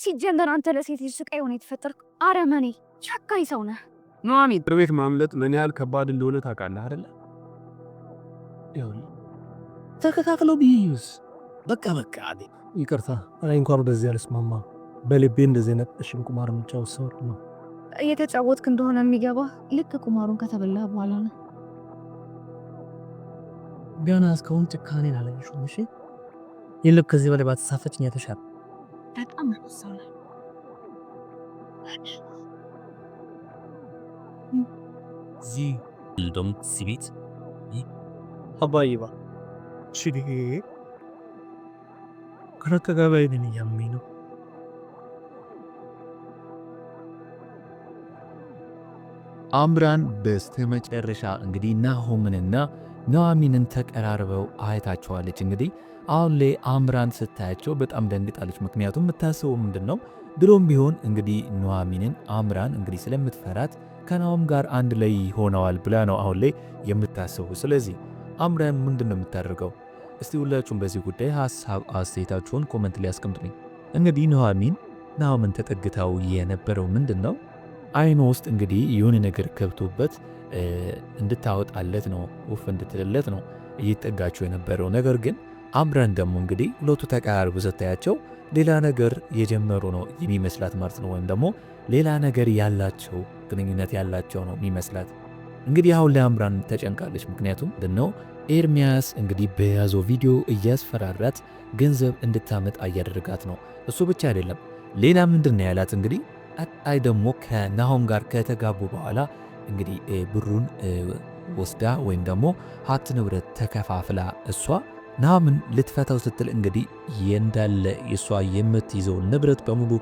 ሲጀመር አንተ ለሴት ልጅ ስቃይ ሆነ የተፈጠርክ አረመኔ ጨካኝ ሰው ነህ። ኑሐሚን ቤት ማምለጥ ምን ያህል ከባድ እንደሆነ ታውቃለህ አይደለ? ተከታክሎ ብይዩስ በቃ በቃ አ ይቅርታ፣ እኔ እንኳን ወደዚህ አልስማማ። በልቤ እንደዚህ ነጠሽን ቁማር የምጫወት ሰው ነው። እየተጫወትክ እንደሆነ የሚገባ ልክ ቁማሩን ከተበላ በኋላ ነው። ቢያንስ እስካሁን ጭካኔን አላየሽም። እሺ ይልቅ ከዚህ በላይ ባትሳፈጭኝ የተሻለ በጣም ሰው ዚልዶምሲቤት አባይባ ሽድሄ ከረከጋባይንን እያሚ ነው አምራን በስተመጨረሻ እንግዲህ ናሆምንና ነዋሚንን ተቀራርበው አይታቸዋለች። እንግዲህ አሁን ላይ አምራን ስታያቸው በጣም ደንግጣለች። ምክንያቱም የምታስበው ምንድን ነው? ድሮም ቢሆን እንግዲህ ኑሐሚንን አምራን እንግዲህ ስለምትፈራት ከናሆም ጋር አንድ ላይ ሆነዋል ብላ ነው አሁን ላይ የምታስበው። ስለዚህ አምራን ምንድን ነው የምታደርገው? እስቲ ሁላችሁም በዚህ ጉዳይ ሀሳብ አስተያየታችሁን ኮመንት ላይ አስቀምጡልኝ። እንግዲህ ኑሐሚን ናሆምን ተጠግታው የነበረው ምንድን ነው አይኑ ውስጥ እንግዲህ የሆነ ነገር ከብቶበት? እንድታወጣለት ነው፣ ውፍ እንድትልለት ነው እየጠጋችሁ የነበረው። ነገር ግን አምረን ደግሞ እንግዲህ ሁለቱ ተቀራርቡ ስታያቸው ሌላ ነገር የጀመሩ ነው የሚመስላት ማለት ነው። ወይም ደግሞ ሌላ ነገር ያላቸው ግንኙነት ያላቸው ነው የሚመስላት። እንግዲህ አሁን ላይ አምራን ተጨንቃለች። ምክንያቱም ነው ኤርሚያስ እንግዲህ በያዘው ቪዲዮ እያስፈራራት ገንዘብ እንድታመጣ እያደረጋት ነው። እሱ ብቻ አይደለም ሌላ ምንድን ነው ያላት እንግዲህ ቀጣይ ደግሞ ከናሆም ጋር ከተጋቡ በኋላ እንግዲህ ብሩን ወስዳ ወይም ደግሞ ሀብት ንብረት ተከፋፍላ እሷ ናምን ልትፈታው ስትል እንግዲህ የእንዳለ እሷ የምትይዘው ንብረት በሙሉ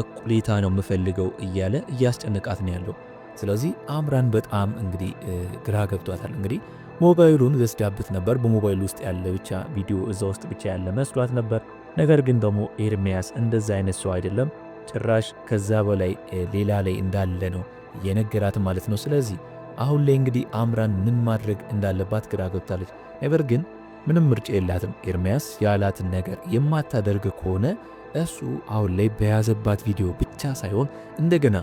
እኩሌታ ነው የምፈልገው እያለ እያስጨነቃት ነው ያለው። ስለዚህ አምራን በጣም እንግዲህ ግራ ገብቷታል። እንግዲህ ሞባይሉን ገዝዳብት ነበር። በሞባይል ውስጥ ያለ ብቻ ቪዲዮ እዛ ውስጥ ብቻ ያለ መስሏት ነበር። ነገር ግን ደግሞ ኤርሚያስ እንደዛ አይነት ሰው አይደለም። ጭራሽ ከዛ በላይ ሌላ ላይ እንዳለ ነው የነገራት ማለት ነው። ስለዚህ አሁን ላይ እንግዲህ አምራን ምን ማድረግ እንዳለባት ግራ ገብታለች። ነገር ግን ምንም ምርጫ የላትም። ኤርሚያስ ያላትን ነገር የማታደርግ ከሆነ እሱ አሁን ላይ በያዘባት ቪዲዮ ብቻ ሳይሆን እንደገና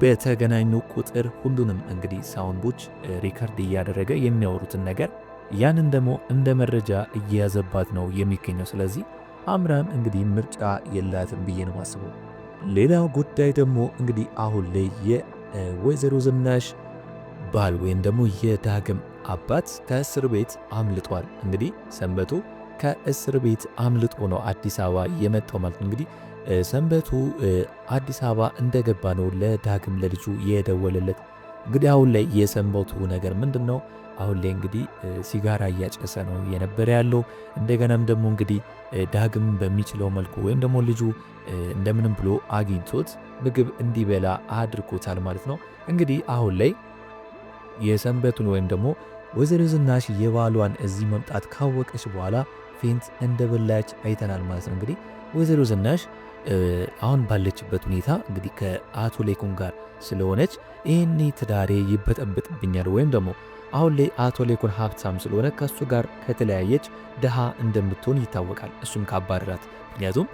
በተገናኙ ቁጥር ሁሉንም እንግዲህ ሳውንዶች ሪከርድ እያደረገ የሚያወሩትን ነገር ያንን ደግሞ እንደ መረጃ እየያዘባት ነው የሚገኘው። ስለዚህ አምራን እንግዲህ ምርጫ የላትም ብዬ ነው ማስበው። ሌላው ጉዳይ ደግሞ እንግዲህ አሁን ላይ ወይዘሮ ዝናሽ ባል ወይም ደግሞ የዳግም አባት ከእስር ቤት አምልጧል። እንግዲህ ሰንበቱ ከእስር ቤት አምልጦ ነው አዲስ አበባ የመጣው ማለት ነው። እንግዲህ ሰንበቱ አዲስ አበባ እንደገባ ነው ለዳግም ለልጁ የደወለለት። እንግዲህ አሁን ላይ የሰንበቱ ነገር ምንድን ነው? አሁን ላይ እንግዲህ ሲጋራ እያጨሰ ነው የነበረ ያለው። እንደገናም ደግሞ እንግዲህ ዳግም በሚችለው መልኩ ወይም ደግሞ ልጁ እንደምንም ብሎ አግኝቶት ምግብ እንዲበላ አድርጎታል ማለት ነው። እንግዲህ አሁን ላይ የሰንበቱን ወይም ደግሞ ወይዘሮ ዝናሽ የባሏን እዚህ መምጣት ካወቀች በኋላ ፌንት እንደበላች አይተናል ማለት ነው። እንግዲህ ወይዘሮ ዝናሽ አሁን ባለችበት ሁኔታ እንግዲህ ከአቶ ሌኩን ጋር ስለሆነች ይህኔ ትዳሬ ይበጠብጥብኛል ወይም ደግሞ አሁን ላይ አቶ ሌኩን ሀብታም ስለሆነ ከእሱ ጋር ከተለያየች ድሃ እንደምትሆን ይታወቃል። እሱም ካባረራት፣ ምክንያቱም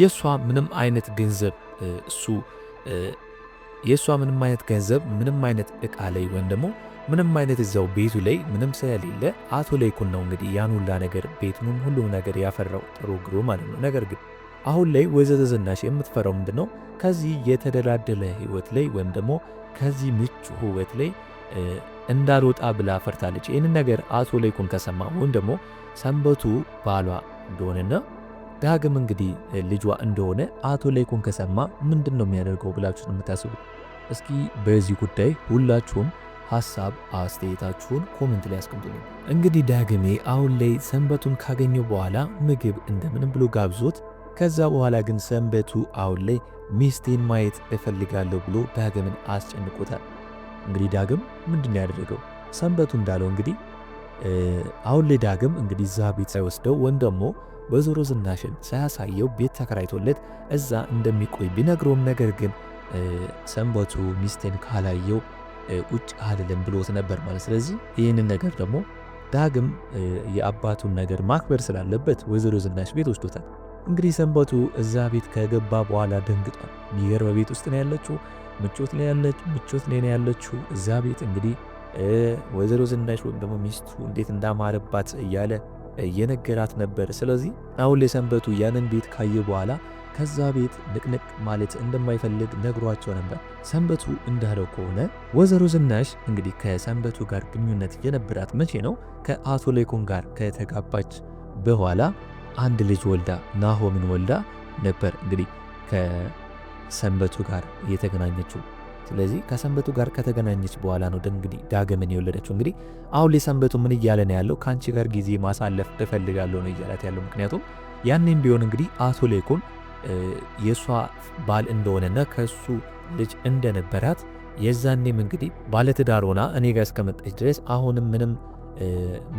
የእሷ ምንም አይነት ገንዘብ እሱ የእሷ ምንም አይነት ገንዘብ ምንም አይነት እቃ ላይ ወይም ደግሞ ምንም አይነት እዛው ቤቱ ላይ ምንም ስለሌለ አቶ ሌኩን ነው እንግዲህ ያን ሁላ ነገር ቤቱንም ሁሉም ነገር ያፈራው ጥሩ ግሩ ማለት ነው ነገር ግን አሁን ላይ ወይዘሮ ዝናሽ የምትፈራው ምንድን ነው? ከዚህ የተደላደለ ህይወት ላይ ወይም ደግሞ ከዚህ ምቹ ህይወት ላይ እንዳልወጣ ብላ ፈርታለች። ይህንን ነገር አቶ ላይኩን ከሰማ ወይም ደግሞ ሰንበቱ ባሏ እንደሆነና ዳግም እንግዲህ ልጇ እንደሆነ አቶ ላይኩን ከሰማ ምንድን ነው የሚያደርገው ብላችሁ ነው የምታስቡት? እስኪ በዚህ ጉዳይ ሁላችሁም ሀሳብ አስተያየታችሁን ኮሜንት ላይ አስቀምጡልኝ። እንግዲህ ዳግሜ አሁን ላይ ሰንበቱን ካገኘው በኋላ ምግብ እንደምንም ብሎ ጋብዞት ከዛ በኋላ ግን ሰንበቱ አሁን ላይ ሚስቴን ማየት እፈልጋለሁ ብሎ ዳግምን አስጨንቆታል። እንግዲህ ዳግም ምንድን ያደረገው ሰንበቱ እንዳለው እንግዲህ አሁን ላይ ዳግም እንግዲህ እዛ ቤት ሳይወስደው ወይም ደግሞ በዞሮ ዝናሽን ሳያሳየው ቤት ተከራይቶለት እዛ እንደሚቆይ ቢነግረውም ነገር ግን ሰንበቱ ሚስቴን ካላየው ቁጭ አልልም ብሎት ነበር ማለት። ስለዚህ ይህንን ነገር ደግሞ ዳግም የአባቱን ነገር ማክበር ስላለበት ወይዘሮ ዝናሽ ቤት ወስዶታል። እንግዲህ ሰንበቱ እዛ ቤት ከገባ በኋላ ደንግጧል። ሚገር በቤት ውስጥ ነው ያለችው፣ ምቾት ላይ ያለች ምቾት ላይ ነው ያለችው እዛ ቤት እንግዲህ ወይዘሮ ዝናሽ ወይም ደግሞ ሚስቱ እንዴት እንዳማረባት እያለ እየነገራት ነበር። ስለዚህ አሁን ላይ ሰንበቱ ያንን ቤት ካየ በኋላ ከዛ ቤት ንቅንቅ ማለት እንደማይፈልግ ነግሯቸው ነበር። ሰንበቱ እንዳለው ከሆነ ወይዘሮ ዝናሽ እንግዲህ ከሰንበቱ ጋር ግንኙነት የነበራት መቼ ነው? ከአቶ ሌኮን ጋር ከተጋባች በኋላ አንድ ልጅ ወልዳ ናሆምን ወልዳ ነበር እንግዲህ ከሰንበቱ ጋር እየተገናኘችው ስለዚህ ከሰንበቱ ጋር ከተገናኘች በኋላ ነው እንግዲህ ዳግምን የወለደችው። እንግዲህ አሁን ላይ ሰንበቱ ምን እያለ ነው ያለው? ከአንቺ ጋር ጊዜ ማሳለፍ እፈልጋለሁ ነው እያላት ያለው። ምክንያቱም ያኔም ቢሆን እንግዲህ አቶ ሌኩን የእሷ ባል እንደሆነና ከእሱ ልጅ እንደነበራት የዛኔም እንግዲህ ባለትዳር ሆና እኔ ጋር እስከመጣች ድረስ አሁንም ምንም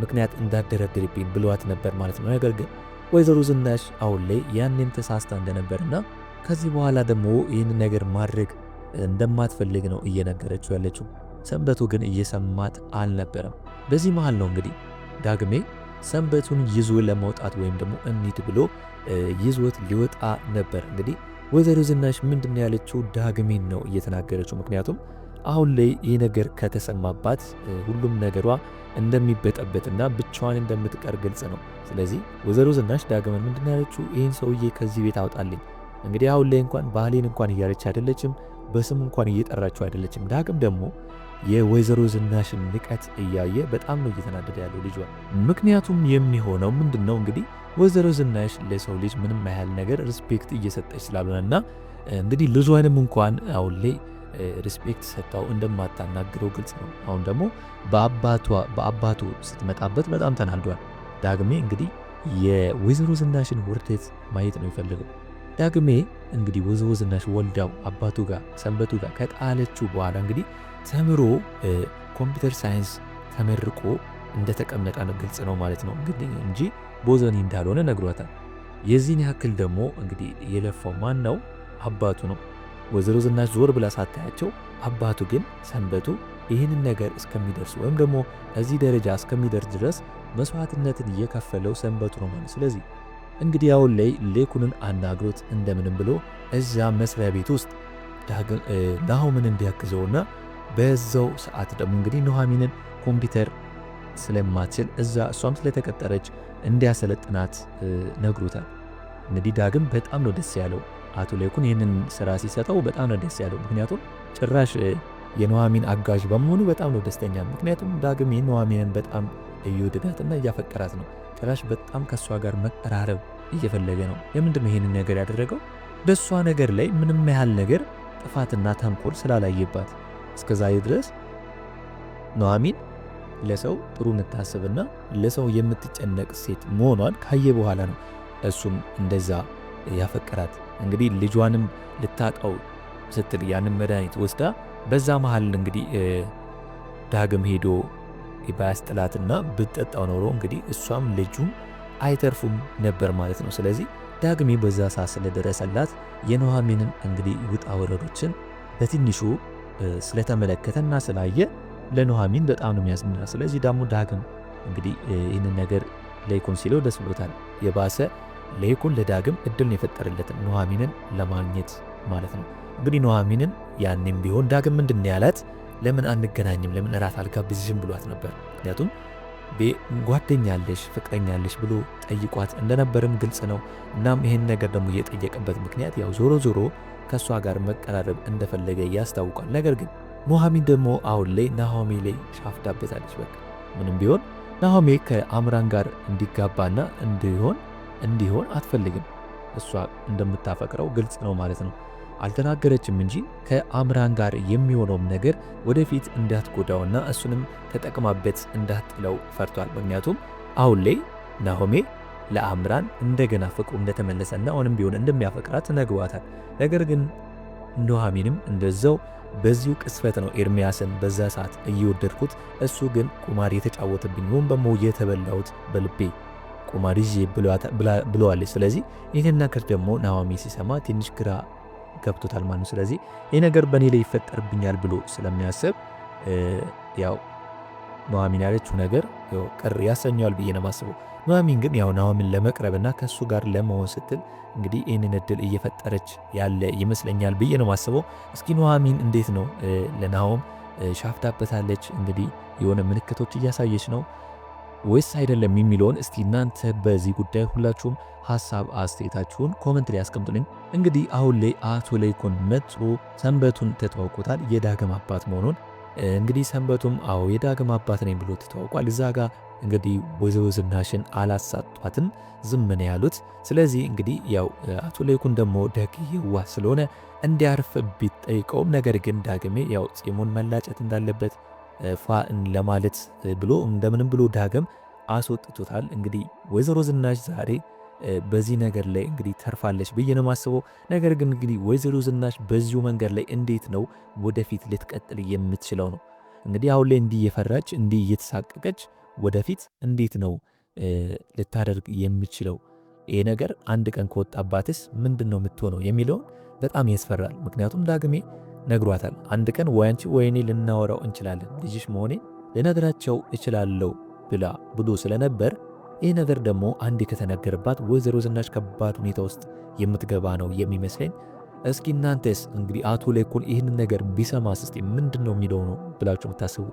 ምክንያት እንዳደረድርብኝ ብሏት ነበር ማለት ነው። ነገር ግን ወይዘሮ ዝናሽ አሁን ላይ ያንን ተሳስታ እንደነበርና ከዚህ በኋላ ደግሞ ይህን ነገር ማድረግ እንደማትፈልግ ነው እየነገረችው ያለችው። ሰንበቱ ግን እየሰማት አልነበረም። በዚህ መሃል ነው እንግዲህ ዳግሜ ሰንበቱን ይዞ ለመውጣት ወይም ደግሞ እንሂድ ብሎ ይዞት ሊወጣ ነበር። እንግዲህ ወይዘሮ ዝናሽ ምንድን ያለችው ዳግሜን ነው እየተናገረችው። ምክንያቱም አሁን ላይ ይህ ነገር ከተሰማባት ሁሉም ነገሯ እንደሚበጠበጥና ብቻዋን እንደምትቀር ግልጽ ነው። ስለዚህ ወይዘሮ ዝናሽ ዳግመን ምንድን ያለችው ይህን ሰውዬ ከዚህ ቤት አውጣልኝ። እንግዲህ አሁን ላይ እንኳን ባህሌን እንኳን እያለች አይደለችም፣ በስም እንኳን እየጠራችው አይደለችም። ዳግም ደግሞ የወይዘሮ ዝናሽን ንቀት እያየ በጣም ነው እየተናደደ ያለው ልጇ። ምክንያቱም የሚሆነው ምንድን ነው እንግዲህ ወይዘሮ ዝናሽ ለሰው ልጅ ምንም ያህል ነገር ሪስፔክት እየሰጠች ስላልሆነና እንግዲህ ልጇንም እንኳን አሁን ላይ ሪስፔክት ሰጥታው እንደማታናግረው ግልጽ ነው። አሁን ደግሞ በአባቱ ስትመጣበት በጣም ተናልዷል። ዳግሜ እንግዲህ የወይዘሮ ዝናሽን ውርደት ማየት ነው የፈለገው። ዳግሜ እንግዲህ ወይዘሮ ዝናሽ ወልዳው አባቱ ጋር ሰንበቱ ጋር ከጣለችው በኋላ እንግዲህ ተምሮ ኮምፒውተር ሳይንስ ተመርቆ እንደተቀመጠ ነው ግልጽ ነው ማለት ነው እንግዲህ እንጂ ቦዘኒ እንዳልሆነ ነግሯታል። የዚህን ያክል ደግሞ እንግዲህ የለፋው ማን ነው? አባቱ ነው። ወይዘሮ ዝናሽ ዞር ብላ ሳታያቸው፣ አባቱ ግን ሰንበቱ ይህንን ነገር እስከሚደርስ ወይም ደግሞ እዚህ ደረጃ እስከሚደርስ ድረስ መስዋዕትነትን እየከፈለው ሰንበቱ ነው ማለት። ስለዚህ እንግዲህ አሁን ላይ ሌኩንን አናግሮት እንደምንም ብሎ እዛ መስሪያ ቤት ውስጥ ናሆምን እንዲያግዘውና በዛው ሰዓት ደግሞ እንግዲህ ኑሐሚንን ኮምፒውተር ስለማትችል እዛ እሷም ስለተቀጠረች እንዲያሰለጥናት ነግሮታል። እንግዲህ ዳግም በጣም ነው ደስ ያለው። አቶ ለይኩን ይህንን ስራ ሲሰጠው በጣም ነው ደስ ያለው። ምክንያቱም ጭራሽ የኑሐሚን አጋዥ በመሆኑ በጣም ነው ደስተኛ። ምክንያቱም ዳግም የኑሐሚንን በጣም እየወደዳትና እያፈቀራት ነው። ጭራሽ በጣም ከእሷ ጋር መቀራረብ እየፈለገ ነው። ለምንድነው ይሄንን ነገር ያደረገው? በእሷ ነገር ላይ ምንም ያህል ነገር ጥፋትና ተንኮል ስላላየባት እስከዛ ድረስ ኑሐሚን ለሰው ጥሩ የምታስብና ለሰው የምትጨነቅ ሴት መሆኗን ካየ በኋላ ነው እሱም እንደዛ ያፈቀራት። እንግዲህ ልጇንም ልታጣው ስትል ያንን መድኃኒት ወስዳ በዛ መሀል እንግዲህ ዳግም ሄዶ ባያስጥላትና ብትጠጣው ኖሮ እንግዲህ እሷም ልጁም አይተርፉም ነበር ማለት ነው። ስለዚህ ዳግሜ በዛ ሰዓት ስለደረሰላት የኑኃሚንም እንግዲህ ውጣ ወረዶችን በትንሹ ስለተመለከተና ስላየ ለኑኃሚን በጣም ነው የሚያዝንና ስለዚህ ደግሞ ዳግም እንግዲህ ይህንን ነገር ለይኮን ሲለው ደስ ብሎታል የባሰ ለይኩን ለዳግም እድልን የፈጠረለት ኑኃሚንን ለማግኘት ማለት ነው። እንግዲህ ኑኃሚንን ያኔም ቢሆን ዳግም ምንድን ያላት ለምን አንገናኝም፣ ለምን እራት አልጋብዝሽም ብሏት ነበር። ምክንያቱም ጓደኛለሽ፣ ፍቅረኛለሽ ብሎ ጠይቋት እንደነበርም ግልጽ ነው። እናም ይህን ነገር ደግሞ እየጠየቀበት ምክንያት ያው ዞሮ ዞሮ ከእሷ ጋር መቀራረብ እንደፈለገ ያስታውቃል። ነገር ግን ኑኃሚን ደግሞ አሁን ላይ ናሆሜ ላይ ሻፍዳበታለች። በቃ ምንም ቢሆን ናሆሜ ከአምራን ጋር እንዲጋባና እንዲሆን እንዲሆን አትፈልግም። እሷ እንደምታፈቅረው ግልጽ ነው ማለት ነው። አልተናገረችም እንጂ ከአምራን ጋር የሚሆነውም ነገር ወደፊት እንዳትጎዳውና እሱንም ተጠቅማበት እንዳትጥለው ፈርቷል። ምክንያቱም አሁን ላይ ናሆሜ ለአምራን እንደገና ፍቅሩ እንደተመለሰና አሁንም ቢሆን እንደሚያፈቅራት ነግሯታል። ነገር ግን ኑሐሚንም እንደዛው በዚሁ ቅስፈት ነው ኤርሚያስን በዛ ሰዓት እየወደድኩት፣ እሱ ግን ቁማር የተጫወተብኝ ወይም ደግሞ የተበላሁት በልቤ ቁማር ይዤ ብለዋለች። ስለዚህ ይህንን ነገር ደግሞ ናዋሚ ሲሰማ ትንሽ ግራ ገብቶታል ማለት ነው። ስለዚህ ይህ ነገር በእኔ ላይ ይፈጠርብኛል ብሎ ስለሚያስብ ያው ኑሐሚን ያለችው ነገር ቅር ያሰኘዋል ብዬ ነው ማስበው። ኑሐሚን ግን ያው ናኦሚን ለመቅረብና ከእሱ ጋር ለመሆን ስትል እንግዲህ ይህንን እድል እየፈጠረች ያለ ይመስለኛል ብዬ ነው ማስበው። እስኪ ኑሐሚን እንዴት ነው ለናሆም ሻፍታበታለች። እንግዲህ የሆነ ምልክቶች እያሳየች ነው ወይስ አይደለም የሚለውን እስቲ እናንተ በዚህ ጉዳይ ሁላችሁም ሀሳብ አስተያየታችሁን ኮመንት ላይ ያስቀምጡልኝ። እንግዲህ አሁን ላይ አቶ ለይኩን መጥቶ ሰንበቱን ተተዋውቆታል የዳግም አባት መሆኑን። እንግዲህ ሰንበቱም አዎ የዳግም አባት ነኝ ብሎ ተተዋውቋል። እዛ ጋር እንግዲህ ወይዘሮ ዝናሽን አላሳጧትም ዝም ነው ያሉት። ስለዚህ እንግዲህ ያው አቶ ላይኩን ደግሞ ደግ የዋ ስለሆነ እንዲያርፍ ቢጠይቀውም ነገር ግን ዳግሜ ያው ፂሙን መላጨት እንዳለበት ፋን ለማለት ብሎ እንደምንም ብሎ ዳግም አስወጥቶታል። እንግዲህ ወይዘሮ ዝናሽ ዛሬ በዚህ ነገር ላይ እንግዲህ ተርፋለች ብዬ ነው የማስበው። ነገር ግን እንግዲህ ወይዘሮ ዝናሽ በዚሁ መንገድ ላይ እንዴት ነው ወደፊት ልትቀጥል የምትችለው ነው እንግዲህ አሁን ላይ እንዲህ እየፈራች እንዲህ እየተሳቀቀች ወደፊት እንዴት ነው ልታደርግ የምችለው? ይህ ነገር አንድ ቀን ከወጣባትስ ምንድን ነው የምትሆነው የሚለውን በጣም ያስፈራል። ምክንያቱም ዳግሜ ነግሯታል። አንድ ቀን ወይ አንቺ ወይ እኔ ልናወራው እንችላለን፣ ልጅሽ መሆኔ ልነግራቸው እችላለሁ ብላ ብሎ ስለነበር ይህ ነገር ደግሞ አንድ ከተነገረባት ወይዘሮ ዝናሽ ከባድ ሁኔታ ውስጥ የምትገባ ነው የሚመስለኝ። እስኪ እናንተስ እንግዲህ አቶ ላይኩን ይህንን ነገር ቢሰማ ስስ ምንድን ነው የሚለው ነው ብላችሁ የምታስቡ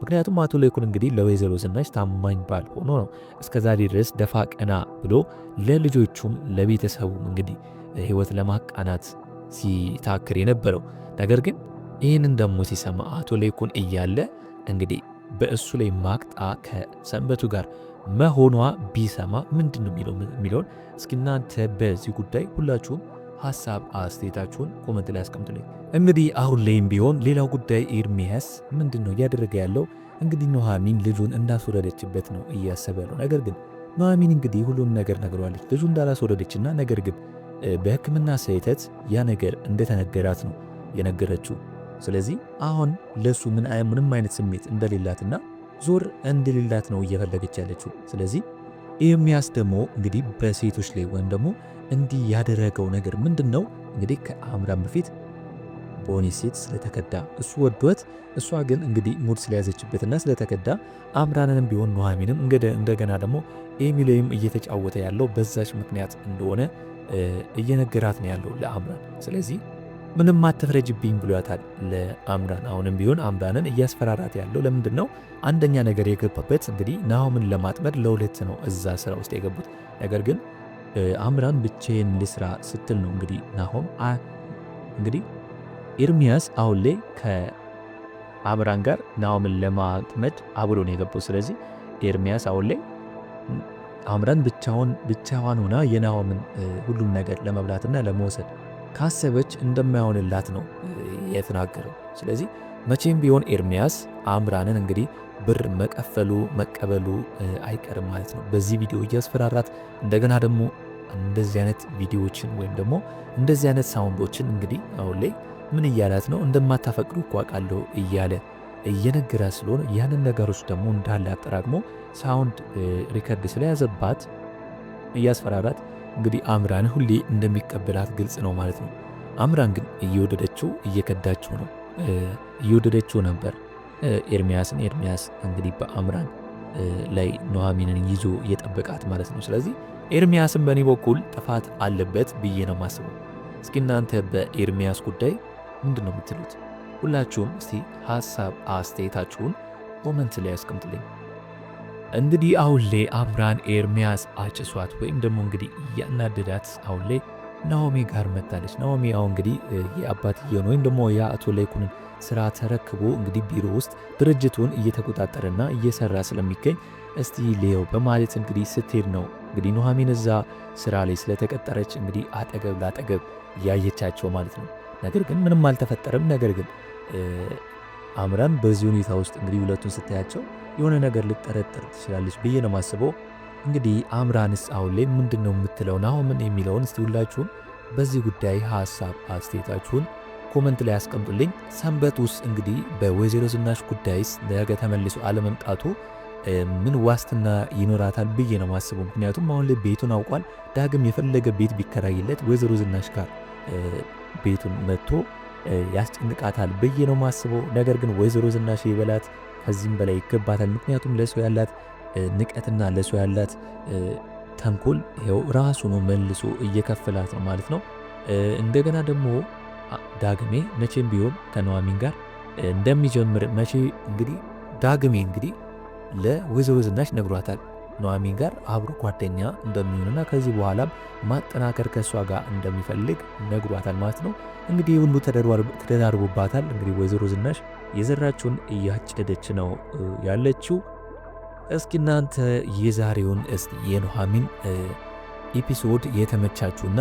ምክንያቱም አቶ ላይኩን እንግዲህ ለወይዘሮ ዝናሽ ታማኝ ባል ሆኖ ነው እስከ ዛሬ ድረስ ደፋ ቀና ብሎ ለልጆቹም ለቤተሰቡም እንግዲህ ህይወት ለማቃናት ሲታክር የነበረው። ነገር ግን ይህንን ደግሞ ሲሰማ አቶ ላይኩን እያለ እንግዲህ በእሱ ላይ ማቅጣ ከሰንበቱ ጋር መሆኗ ቢሰማ ምንድን ነው የሚለውን እስኪ እናንተ በዚህ ጉዳይ ሁላችሁም ሀሳብ አስተያየታችሁን ኮመንት ላይ አስቀምጡልኝ። እንግዲህ አሁን ላይም ቢሆን ሌላው ጉዳይ ኤርሚያስ ምንድን ነው እያደረገ ያለው? እንግዲህ ኑሐሚን ልጁን እንዳስወረደችበት ነው እያሰበ ያለው። ነገር ግን ኑሐሚን እንግዲህ ሁሉን ነገር ነግረዋለች። ልጁ እንዳላስወረደችና ነገር ግን በህክምና ስህተት ያ ነገር እንደተነገራት ነው የነገረችው። ስለዚህ አሁን ለሱ ምን ምንም አይነት ስሜት እንደሌላትና ዞር እንደሌላት ነው እየፈለገች ያለችው። ስለዚህ ኤርሚያስ ደግሞ እንግዲህ በሴቶች ላይ ወይም ደግሞ እንዲህ ያደረገው ነገር ምንድን ነው እንግዲህ ከአምራን በፊት በሆነ ሴት ስለተከዳ እሱ ወዶት እሷ ግን እንግዲህ ሙድ ስለያዘችበትና ስለተከዳ አምራንንም ቢሆን ኑሐሚንም እንደገና ደግሞ ኤሚሌይም እየተጫወተ ያለው በዛች ምክንያት እንደሆነ እየነገራት ነው ያለው ለአምራን። ስለዚህ ምንም አትፍረጅብኝ ብሏታል ለአምራን። አሁንም ቢሆን አምራንን እያስፈራራት ያለው ለምንድን ነው? አንደኛ ነገር የገባበት እንግዲህ ናሆምን ለማጥመድ ለሁለት ነው እዛ ስራ ውስጥ የገቡት። ነገር ግን አምራን ብቼን ልስራ ስትል ነው እንግዲህ ናሆም እንግዲህ ኤርሚያስ አሁን ላይ ከአምራን ጋር ናሆምን ለማጥመድ አብሮ ነው የገባው። ስለዚህ ኤርሚያስ አሁን ላይ አምራን ብቻውን ብቻዋን ሆና የናሆምን ሁሉም ነገር ለመብላትና ለመውሰድ ካሰበች እንደማይሆንላት ነው የተናገረው። ስለዚህ መቼም ቢሆን ኤርሚያስ አምራንን እንግዲህ ብር መቀፈሉ መቀበሉ አይቀርም ማለት ነው። በዚህ ቪዲዮ እያስፈራራት እንደገና ደግሞ እንደዚህ አይነት ቪዲዮዎችን ወይም ደግሞ እንደዚህ አይነት ሳውንዶችን እንግዲህ አሁን ላይ ምን እያላት ነው? እንደማታፈቅዱ እኮ አውቃለሁ እያለ እየነገራ ስለሆነ ያንን ነገሮች ደግሞ እንዳለ አጠራቅሞ ሳውንድ ሪከርድ ስለያዘባት እያስፈራራት እንግዲህ አምራን ሁሌ እንደሚቀበላት ግልጽ ነው ማለት ነው። አምራን ግን እየወደደችው እየከዳችው ነው እየወደደችው ነበር ኤርሚያስን። ኤርሚያስ እንግዲህ በአምራን ላይ ኑሐሚንን ይዞ እየጠበቃት ማለት ነው። ስለዚህ ኤርሚያስን በእኔ በኩል ጥፋት አለበት ብዬ ነው ማስበው። እስኪ እናንተ በኤርሚያስ ጉዳይ ምንድን ነው የምትሉት? ሁላችሁም እስቲ ሀሳብ አስተያየታችሁን ኮመንት ላይ ያስቀምጥልኝ። እንግዲህ አሁን ላይ አምራን ኤርሚያስ አጭሷት ወይም ደግሞ እንግዲህ እያናደዳት አሁን ላይ ናኦሚ ጋር መታለች። ናኦሚ አሁን እንግዲህ የአባትየውን ወይም ደግሞ የአቶ ላይኩንን ስራ ተረክቦ እንግዲህ ቢሮ ውስጥ ድርጅቱን እየተቆጣጠረና እየሰራ ስለሚገኝ እስቲ ሌው በማለት እንግዲህ ስትሄድ ነው እንግዲህ ኑሐሚን እዛ ስራ ላይ ስለተቀጠረች እንግዲህ አጠገብ ላጠገብ ያየቻቸው ማለት ነው። ነገር ግን ምንም አልተፈጠረም። ነገር ግን አምራን በዚህ ሁኔታ ውስጥ እንግዲህ ሁለቱን ስታያቸው የሆነ ነገር ልጠረጠር ትችላለች ብዬ ነው ማስበው። እንግዲህ አምራንስ አሁን ላይ ምንድን ነው የምትለው ናሆምን የሚለውን እስቲ ሁላችሁም በዚህ ጉዳይ ሀሳብ አስተያየታችሁን ኮመንት ላይ ያስቀምጡልኝ። ሰንበት ውስጥ እንግዲህ በወይዘሮ ዝናሽ ጉዳይስ ነገ ተመልሶ አለመምጣቱ ምን ዋስትና ይኖራታል ብዬ ነው ማስበው። ምክንያቱም አሁን ላይ ቤቱን አውቋል። ዳግም የፈለገ ቤት ቢከራይለት ወይዘሮ ዝናሽ ጋር ቤቱን መጥቶ ያስጨንቃታል ብዬ ነው ማስበው። ነገር ግን ወይዘሮ ዝናሽ ይበላት ከዚህም በላይ ይገባታል። ምክንያቱም ለሰው ያላት ንቀትና ለሰው ያላት ተንኮል ይኸው ራሱ ነው መልሶ እየከፈላት ነው ማለት ነው። እንደገና ደግሞ ዳግሜ መቼም ቢሆን ከነዋሚን ጋር እንደሚጀምር መቼ እንግዲህ ዳግሜ እንግዲህ ለወይዘሮ ዝናሽ ነግሯታል። ኑሐሚን ጋር አብሮ ጓደኛ እንደሚሆንና ከዚህ በኋላም ማጠናከር ከእሷ ጋር እንደሚፈልግ ነግሯታል ማለት ነው። እንግዲህ ሁሉ ተደራርቦባታል። እንግዲህ ወይዘሮ ዝናሽ የዘራችውን እያጨደች ነው ያለችው። እስኪ እናንተ የዛሬውን እስ የኑሐሚን ኤፒሶድ የተመቻችሁና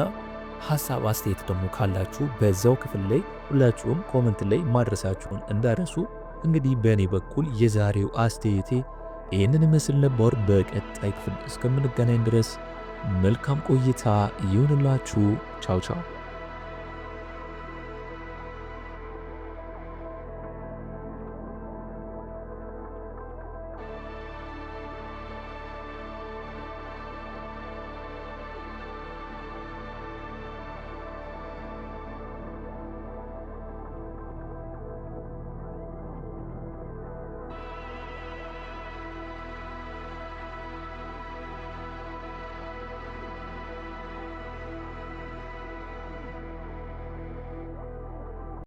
ሀሳብ አስተያየት ደግሞ ካላችሁ በዛው ክፍል ላይ ሁላችሁም ኮመንት ላይ ማድረሳችሁን እንዳረሱ። እንግዲህ በእኔ በኩል የዛሬው አስተያየቴ ይህንን ምስል ነበር። በቀጣይ ክፍል እስከምንገናኝ ድረስ መልካም ቆይታ ይሁንላችሁ። ቻው ቻው።